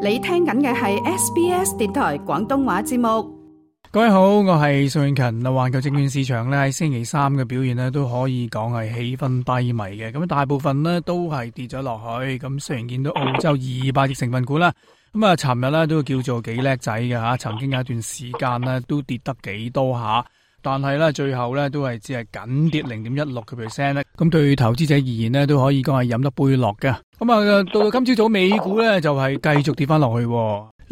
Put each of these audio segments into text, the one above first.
你聽緊嘅係 SBS 電台廣東話節目，各位好，我係宋慶勤。嗱，環球證券市場咧喺星期三嘅表現咧，都可以講係氣氛低迷嘅。咁大部分呢都係跌咗落去。咁雖然見到澳洲二百隻成分股啦，咁啊，尋日咧都叫做幾叻仔嘅吓。曾經有一段時間呢都跌得幾多下，啊，但係咧最後咧都係只係緊跌零點一六嘅 percent 咧。咁對投資者而言呢，都可以講係飲得杯落嘅。咁、嗯、啊，到到今朝早美股咧就係、是、繼續跌翻落去，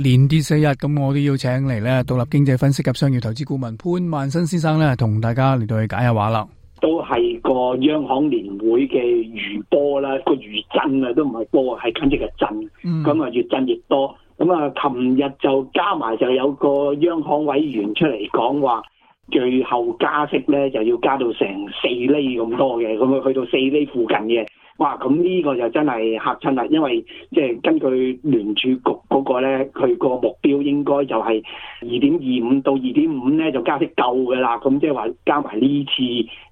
連跌四日。咁我都要請嚟咧獨立經濟分析及商業投資顧問潘萬新先生咧，同大家嚟到去解一下話啦。都係個央行年會嘅餘波啦，個餘震啊都唔係波，係簡直係震。咁、嗯、啊越震越多。咁啊，琴日就加埋就有個央行委員出嚟講話。最後加息咧就要加到成四厘咁多嘅，咁去到四厘附近嘅。哇！咁呢個就真係嚇親啦，因為即係根據聯儲局嗰個咧，佢個目標應該就係二點二五到二點五咧，就加息夠噶啦。咁即係話加埋呢次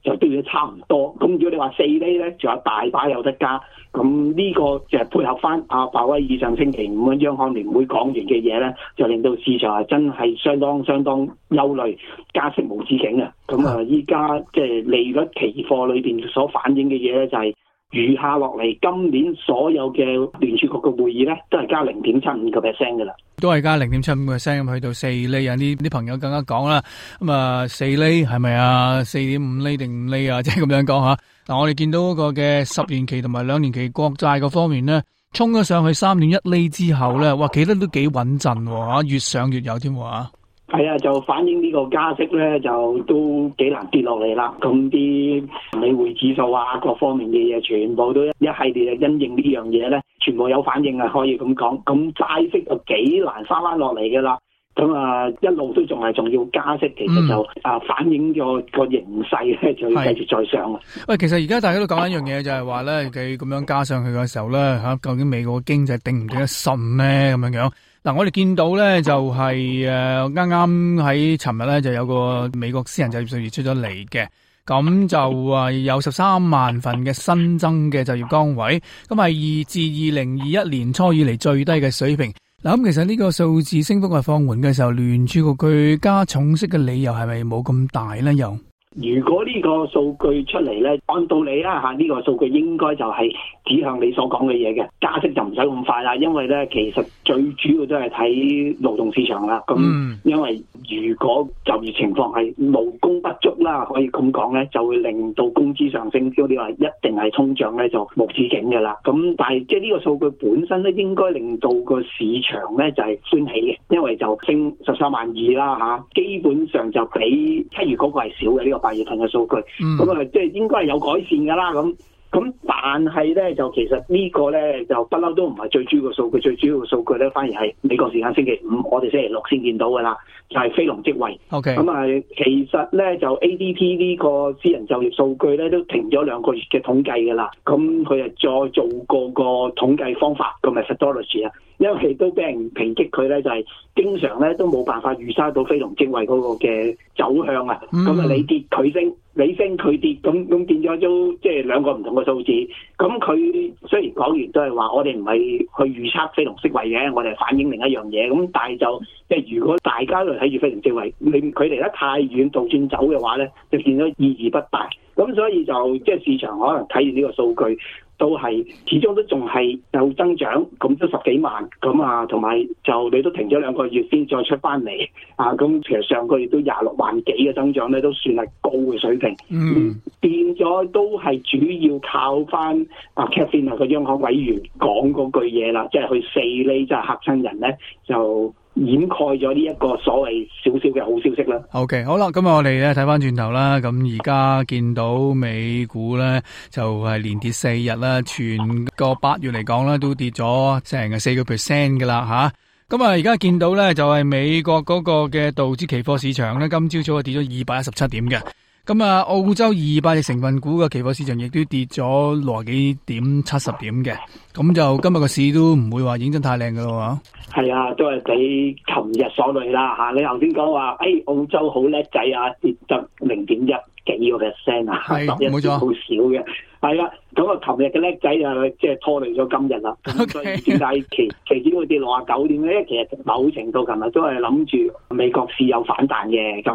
就都要差唔多。咁如果你話四厘咧，仲有大把有得加。咁呢個就係配合翻阿鮑威爾上星期五啊央行年會講完嘅嘢咧，就令到市場係真係相當相當憂慮，加息無止境啊！咁啊，依家即係利率期貨裏面所反映嘅嘢咧，就係。餘下落嚟今年所有嘅聯儲局嘅會議咧，都係加零點七五個 percent 嘅啦，都係加零點七五個 percent 咁去到四厘啊！呢啲朋友更加講啦，咁啊四厘係咪啊？四點五厘定五厘啊？即係咁樣講嚇。嗱、啊，我哋見到嗰個嘅十年期同埋兩年期國債嗰方面咧，衝咗上去三點一厘之後咧，哇，企得都幾穩陣喎，越上越有添、啊、喎係啊，就反映呢個加息咧，就都幾難跌落嚟啦。咁啲美匯指數啊，各方面嘅嘢，全部都一系列嘅因應這東西呢樣嘢咧，全部有反應啊，可以咁講。咁債息就幾難翻翻落嚟噶啦。咁啊，一路都仲係仲要加息，其實就啊反映咗個形勢咧，就繼續再上、嗯。喂，其實而家大家都講緊一樣嘢，就係話咧，佢咁樣加上去嘅時候咧，嚇、啊、究竟美國的經濟頂唔頂得順咧？咁樣樣。嗱，我哋見到咧就係誒啱啱喺尋日咧就有個美國私人就業數字出咗嚟嘅，咁就話有十三萬份嘅新增嘅就業崗位，咁係二至二零二一年初以嚟最低嘅水平。嗱，咁其實呢個數字升幅係放緩嘅時候，聯儲局佢加重息嘅理由係咪冇咁大咧？又？如果呢個數據出嚟咧，按道理啦吓，呢個數據應該就係指向你所講嘅嘢嘅，加息就唔使咁快啦，因為咧其實最主要都係睇勞動市場啦。咁、mm. 因為如果就業情況係勞工不足啦，可以咁講咧，就會令到工資上升。如果你話一定係通脹咧，就無止境嘅啦。咁但係即係呢個數據本身咧，應該令到個市場咧就係歡喜嘅，因為就升十三萬二啦吓，基本上就比七月嗰個係少嘅呢個。行業同嘅數據，咁啊，即係應該係有改善噶啦，咁咁，但係咧就其實呢個咧就不嬲都唔係最主要嘅數據，最主要嘅數據咧反而係美國時間星期五，我哋星期六先見到噶啦，就係、是、非農職位。O K，咁啊，其實咧就 A D P 呢個私人就業數據咧都停咗兩個月嘅統計噶啦，咁佢就再做過個統計方法，咁咪 methodology 啊。因為佢都俾人抨擊，佢咧就係、是、經常咧都冇辦法預測到非農職位嗰個嘅走向啊！咁啊，你跌佢升，你升佢跌，咁咁變咗都即係兩個唔同嘅數字。咁佢雖然講完都係話，我哋唔係去預測非農職位嘅，我哋反映另一樣嘢。咁但係就即係如果大家都嚟睇住非農職位，你佢離得太遠就算走嘅話咧，就變咗意義不大。咁所以就即係、就是、市場可能睇住呢個數據。都係始終都仲係有增長，咁都十幾萬咁啊，同埋就你都停咗兩個月先再出翻嚟啊！咁其實上個月都廿六萬幾嘅增長咧，都算係高嘅水平。嗯、mm.，變咗都係主要靠翻啊 Catrina 個央行委員講嗰句嘢啦，即係佢四厘即係嚇親人咧就。掩蓋咗呢一個所謂少少嘅好消息啦。OK，好啦，咁啊，我哋咧睇翻轉頭啦。咁而家見到美股咧就係、是、連跌四日啦，全個八月嚟講咧都跌咗成個四個 percent 噶啦吓。咁啊，而家見到咧就係、是、美國嗰個嘅道指期貨市場咧，今朝早係跌咗二百一十七點嘅。咁啊，澳洲二百隻成分股嘅期貨市場亦都跌咗六十幾點七十點嘅，咁就今日個市都唔會話影真太靚噶喎。係啊，都係比琴日所累啦吓。你頭先講話，誒、哎，澳洲好叻仔啊，跌得零點一。幾個 percent 啊，係冇錯，好少嘅，係啊。咁啊，琴日嘅叻仔就即係拖累咗今日啦。咁、okay. 所以點解期期指會跌落啊九點咧？因為其實某程度琴日都係諗住美國市有反彈嘅，咁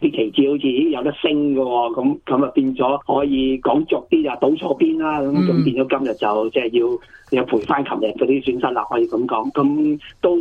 啲期指好似有得升嘅、哦，咁咁啊變咗可以講作啲啊賭錯邊啦。咁咁、嗯、變咗今日就即係、就是、要又賠翻琴日嗰啲損失啦，可以咁講。咁都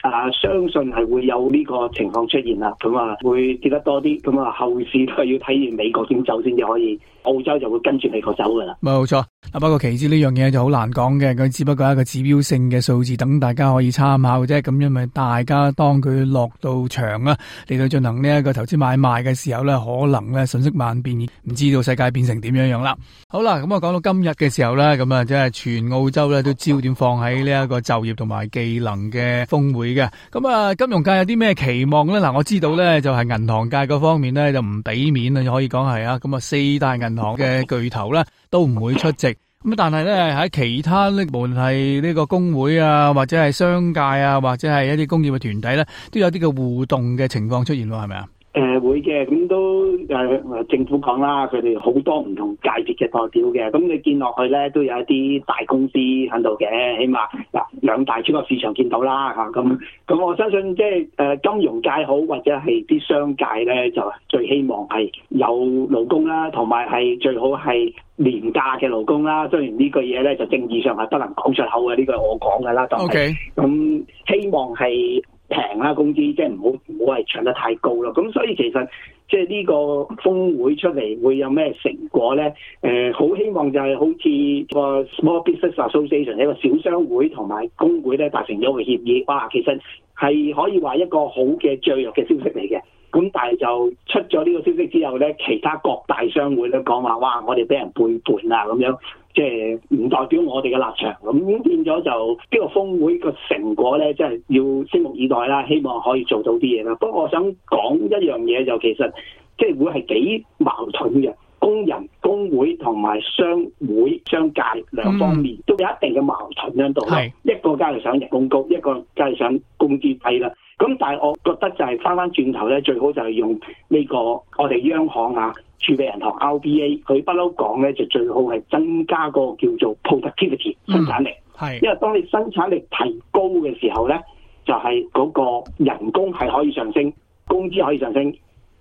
啊相信係會有呢個情況出現啦。咁啊會跌得多啲，咁啊後市都係要體驗。美國先走先至可以，澳洲就會跟住美國走噶啦。冇錯，不過其次呢樣嘢就好難講嘅，佢只不過係一個指標性嘅數字，等大家可以參考啫。咁因為大家當佢落到場啊嚟到進行呢一個投資買賣嘅時候呢，可能呢瞬息萬變，唔知道世界變成點樣樣啦。好啦，咁啊講到今日嘅時候呢，咁啊即係全澳洲呢都焦點放喺呢一個就業同埋技能嘅峰會嘅。咁啊，金融界有啲咩期望呢？嗱，我知道呢就係銀行界嗰方面呢，就唔俾面啊，可以。講係啊，咁啊四大銀行嘅巨頭咧都唔會出席，咁但係咧喺其他咧，無論係呢個工會啊，或者係商界啊，或者係一啲工業嘅團體咧，都有啲嘅互動嘅情況出現，係咪啊？誒、呃，會嘅，咁都誒、呃，政府講啦，佢哋好多唔同界別嘅代表嘅，咁你見落去咧，都有一啲大公司喺度嘅，起碼嗱，兩大超級市場見到啦，吓、啊、咁，咁我相信即係誒、呃，金融界好，或者係啲商界咧，就最希望係有勞工啦，同埋係最好係廉價嘅勞工啦。雖然句呢句嘢咧，就政治上係不能講出口嘅，呢、這、句、個、我講噶啦，但係咁希望係。平啦，工資即係唔好唔好係搶得太高咯。咁所以其實即係呢個峰會出嚟會有咩成果咧？誒、呃，好希望就係好似個 small business association 一個小商會同埋工會咧達成咗個協議。哇，其實係可以話一個好嘅雀躍嘅消息嚟嘅。咁但係就出咗呢個消息之後咧，其他各大商會都講話哇，我哋俾人背叛啊咁樣。即係唔代表我哋嘅立場，咁變咗就呢個峰會個成果咧，即係要拭目以待啦。希望可以做到啲嘢啦。不過我想講一樣嘢，就其實即係會係幾矛盾嘅，工人工會同埋商會商界兩方面都有一定嘅矛盾喺度、嗯。係一個梗係想人工高，一個梗係想工資低啦。咁但係我覺得就係翻翻轉頭咧，最好就係用呢個我哋央行啊。儲備銀行 RBA 佢不嬲講咧，就最好係增加個叫做 productivity 生產力、嗯，因為當你生產力提高嘅時候咧，就係、是、嗰個人工係可以上升，工資可以上升，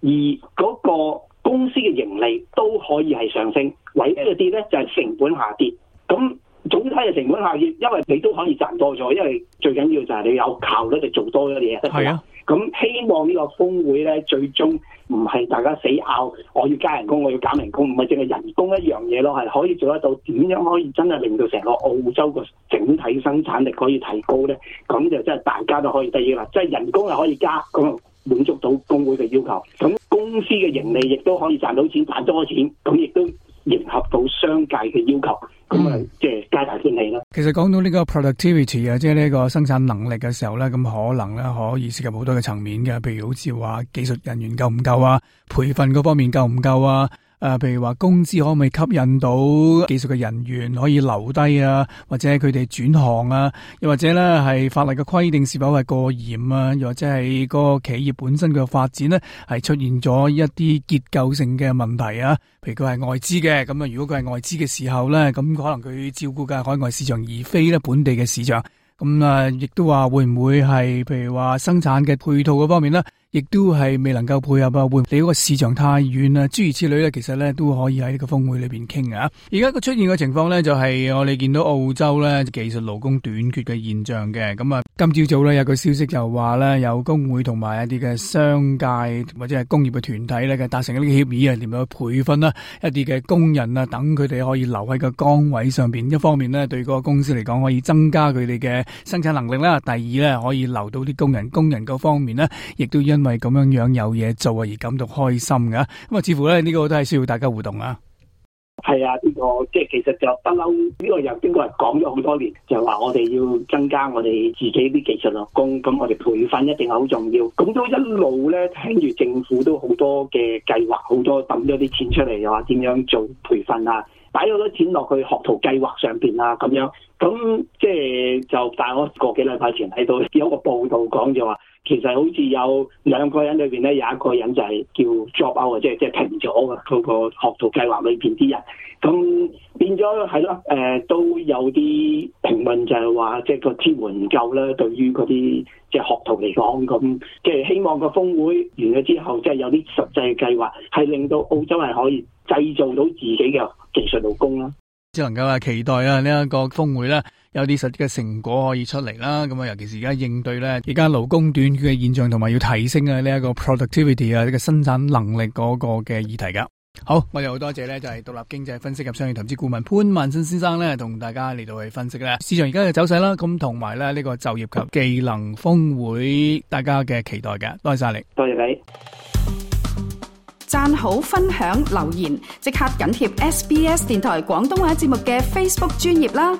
而嗰個公司嘅盈利都可以係上升。唯一嘅啲咧就係、是、成本下跌，咁。總體嘅成本效益，因為你都可以賺多咗，因為最緊要就係你有效率就做多咗嘢。係啊，咁希望呢個峰會咧，最終唔係大家死拗，我要加人工，我要減人工，唔係淨係人工一樣嘢咯，係可以做得到點樣可以真係令到成個澳洲個整體生產力可以提高咧？咁就真係大家都可以得益啦。即係人工係可以加，咁滿足到工會嘅要求，咁公司嘅盈利亦都可以賺到錢，賺多錢，咁亦都迎合到商界嘅要求，咁啊，即係。其實講到呢個 productivity 啊，即係呢個生產能力嘅時候咧，咁可能咧可以涉及好多嘅層面嘅，譬如好似話技術人員夠唔夠啊，培訓嗰方面夠唔夠啊？誒、啊，譬如話工資可唔可以吸引到技術嘅人員可以留低啊，或者佢哋轉行啊，又或者咧係法律嘅規定是否係過嚴啊，又或者係個企業本身嘅發展呢，係出現咗一啲結構性嘅問題啊？譬如佢係外資嘅，咁啊，如果佢係外資嘅時候咧，咁可能佢照顧嘅係海外市場，而非咧本地嘅市場。咁啊，亦都話會唔會係譬如話生產嘅配套嘅方面呢？亦都係未能夠配合，會你嗰個市場太遠啊，諸如此類咧，其實咧都可以喺呢個峰會裏邊傾啊！而家個出現嘅情況呢，就係、是、我哋見到澳洲呢技術勞工短缺嘅現象嘅。咁、嗯、啊，今朝早呢，有個消息就話呢，有工會同埋一啲嘅商界或者係工業嘅團體呢，嘅達成一啲協議啊，點樣去培訓啦，一啲嘅工人啊，等佢哋可以留喺個崗位上邊。一方面呢，對個公司嚟講可以增加佢哋嘅生產能力啦；第二呢，可以留到啲工人。工人個方面呢，亦都因為咁樣樣有嘢做啊，而感到開心噶。咁啊，似乎咧呢、這個都係需要大家互動的啊。係、這、啊、個，呢個即係其實就不嬲呢個又邊、這個嚟講咗好多年，就話、是、我哋要增加我哋自己啲技術落工，咁我哋培訓一定係好重要。咁都一路咧聽住政府都好多嘅計劃，好多抌咗啲錢出嚟，又話點樣做培訓啊？擺咗好多錢落去學徒計劃上邊啦，咁樣咁即係就是，大我個幾禮拜前喺度有個報道講就話，其實好似有兩個人裏邊咧，有一個人就係叫 job 啊、就是，即係即係停咗啊，個學徒計劃裏邊啲人，咁變咗係咯，誒、呃、都有啲評論就係話，即、就、係、是、個支援唔夠啦，對於嗰啲即係學徒嚟講，咁即係希望個峯會完咗之後，即、就、係、是、有啲實際嘅計劃，係令到澳洲係可以製造到自己嘅。技術勞工啦，只能夠啊期待啊呢一個峰會啦，有啲實際嘅成果可以出嚟啦。咁啊，尤其是而家應對咧，而家勞工短缺嘅現象，同埋要提升啊呢一個 productivity 啊呢個生產能力嗰個嘅議題噶。好，我哋好多謝呢，就係獨立經濟分析及商業投資顧問潘萬新先生呢，同大家嚟到去分析咧，市場而家嘅走勢啦，咁同埋咧呢個就業及技能峰會，大家嘅期待嘅，多謝晒你，多謝你。讚好、分享、留言，即刻緊貼 SBS 電台廣東話節目嘅 Facebook 專頁啦！